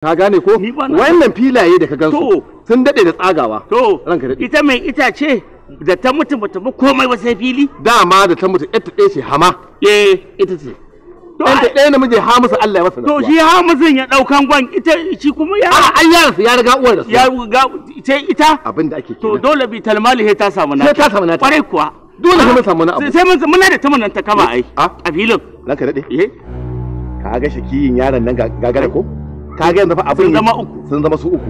ka gane ko wannan filaye da ka su sun dade da tsagawa to ranka dade ita mai itace da ta mutu bata komai ba sai fili dama da ta mutu ita ɗaya ce hama eh ita ce ɗanta ɗaya namiji ha musu Allah ya masa to shi ha musun ya daukan gwan ita shi kuma ya an ya su ya riga uwar da su ya ga ita ita abin da ake to dole bi talmali he ta samu na ta samu na kwarai kuwa dole sai mun samu na abu sai mun muna da ta mun ta kama ai ah? a filin ranka dade eh ka ga shi kiyin yaran nan gagara ko kaga yanzu fa abin sun zama uku sun zama su uku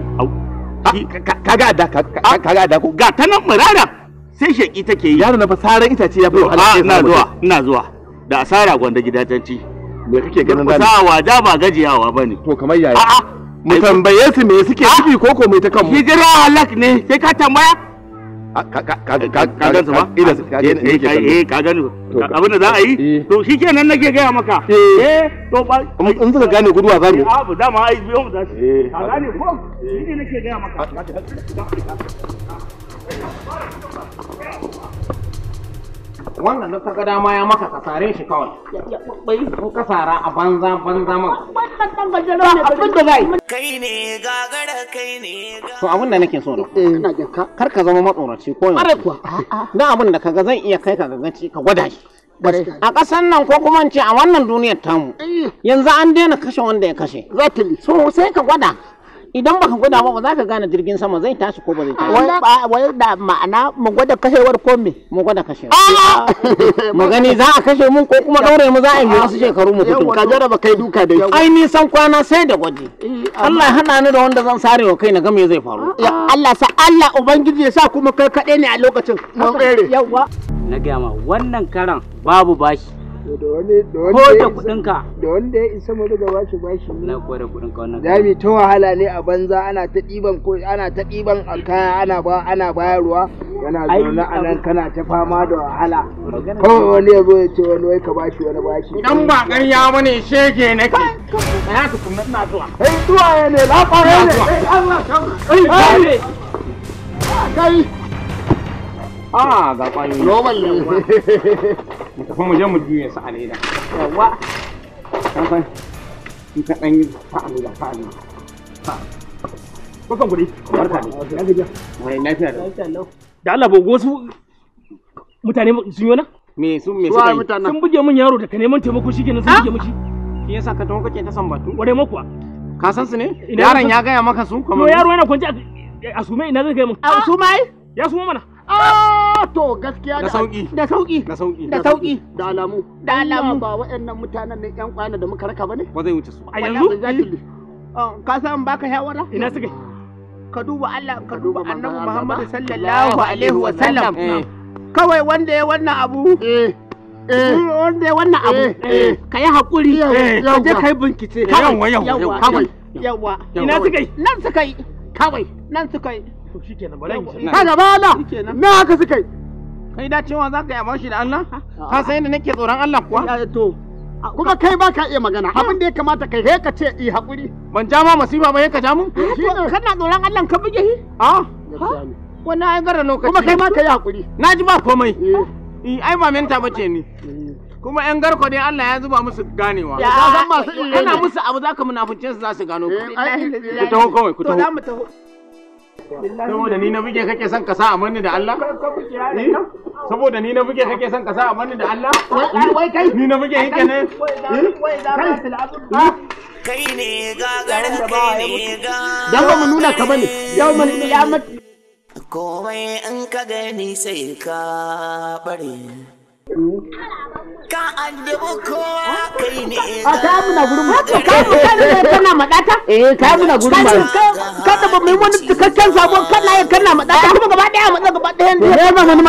kaga da kaga da ko ga ta nan murara sai sheki take yi yaro na fa saran itace ya fi ah, ya ina zuwa ina zuwa da asara gwanda gidatanci me kake ganin da sawa da ba gajiyawa bane to kamar yaya a'a mu tambaye su me suke ciki koko mai ta kanmu hijira halak ne sai ka tambaya ka gan su ba ina su eh, eh, eh ka eh, gani abin da za a yi to ke shikenan nake gaya maka eh to ba in suka gane guduwa za mu abu dama ai biyo mu za su ka gane ko shi ne nake gaya maka ah. wannan duk gada ma ya maka kasare shi kawai in ka sara a banza banza ma abin da zai kai ne gagara kai ne to abin da nake so da ku eh, kar ka zama matsoraci ko yanzu dan abin da kaga zan iya kai ka gaggaci ka gwada shi a ƙasar nan ko kuma ce a wannan duniyar tamu eh. yanzu an daina kashe wanda ya kashe so sai ka gwada idan baka gwada ba ba za ka gane jirgin sama zai tashi ko ba zai tashi wai da ma'ana mu gwada kashewar ko me mu gwada kashewar ah! mu gani za a kashe mun ko kuma daure mu za a yi wasu shekaru mu fito ka jaraba kai duka da ai san kwana sai da gwaji eh, Allah ya hana ni da wanda zan sare wa kai na ga me zai faru Allah sa Allah ubangiji ya sa kuma kai kaɗai ne a lokacin mu tsere yawa na gaya ma wannan karan babu bashi ko da kudinka da wanda ya isa mu daga bashi bashi na ko da kudinka wannan zami ta wahala ne a banza ana ta diban ko ana ta diban kaya ana ba ana bayarwa yana zaune a nan kana ta fama da wahala kawai wani ya zo ya ce wani wai ka bashi wani bashi dan ba ƙarya bane shege nake na su kuma ina zuwa kai zuwa ne lafare ne kai Allah kai kai kai ah ga kwani global ne mu tafi mu je mu juye su a leda yawa ka san in ka dan yi fa'alu da fa'alu kusan kuɗi barka ne lafiya gajiya mai lafiya da da Allah bogo su mutane sun yi na me sun me suka yi sun buge min yaro da ka neman taimako shikenan sun buge mishi shi yasa ka tawo kake ta san batu ware makuwa ka san su ne yaron ya gaya maka su kuma yaro yana kwance a sume ina zai kai mun a sumai ya suma mana ah! to gaskiya da sauki da sauki da sauki da sauki da alamu da alamu ba waɗannan mutanen ne ƴan kwana da muka raka bane ba zai wuce su a yanzu oh, ka san baka shawara ina suke ka duba Allah ka duba annabi Muhammad sallallahu alaihi wa sallam eh. kawai wanda ya wannan abu eh, eh. eh. wanda ya wannan abu ka yi hakuri ka je kai bincike yawa yawa yawa ina suke nan suka yi kawai nan suka yi to shikenan bari in ji ka gaba Allah me haka suka yi kai da cewa za ka yaba shi da Allah ah, ah, ka san ah. yadda nake tsoron Allah kuwa to kuma kai ba ka iya magana abin da ya kamata kai he ka ce yi hakuri ban ja ma masifa ba he ka ja mun kana tsoron Allah ka buge shi a wannan ai gara lokaci kuma kai ma ka yi hakuri na ji ba komai i eh. eh, ai ba menta bace ni eh. kuma yan garko ne Allah ya zuba musu ganewa ya san masu iya kana musu abu zaka munafunce su za su gano ku ku taho kawai ku taho saboda ni na buge kake son ka sa manni da Allah eh? saboda ni na buge kake son ka sa manni da Allah wai kai ni na buge kake ne eh? hmm? kai ne gagarin kai ne ga dan ba mu nuna ka bane yawmal qiyamah komai an ka gani sai ka bare hmm? ka kai ne a ta gurin ka kana eh ka gurin ba kada ba mai wani cikakken sabon kana ya kanna matsa kuma gaba daya matsa gaba daya ne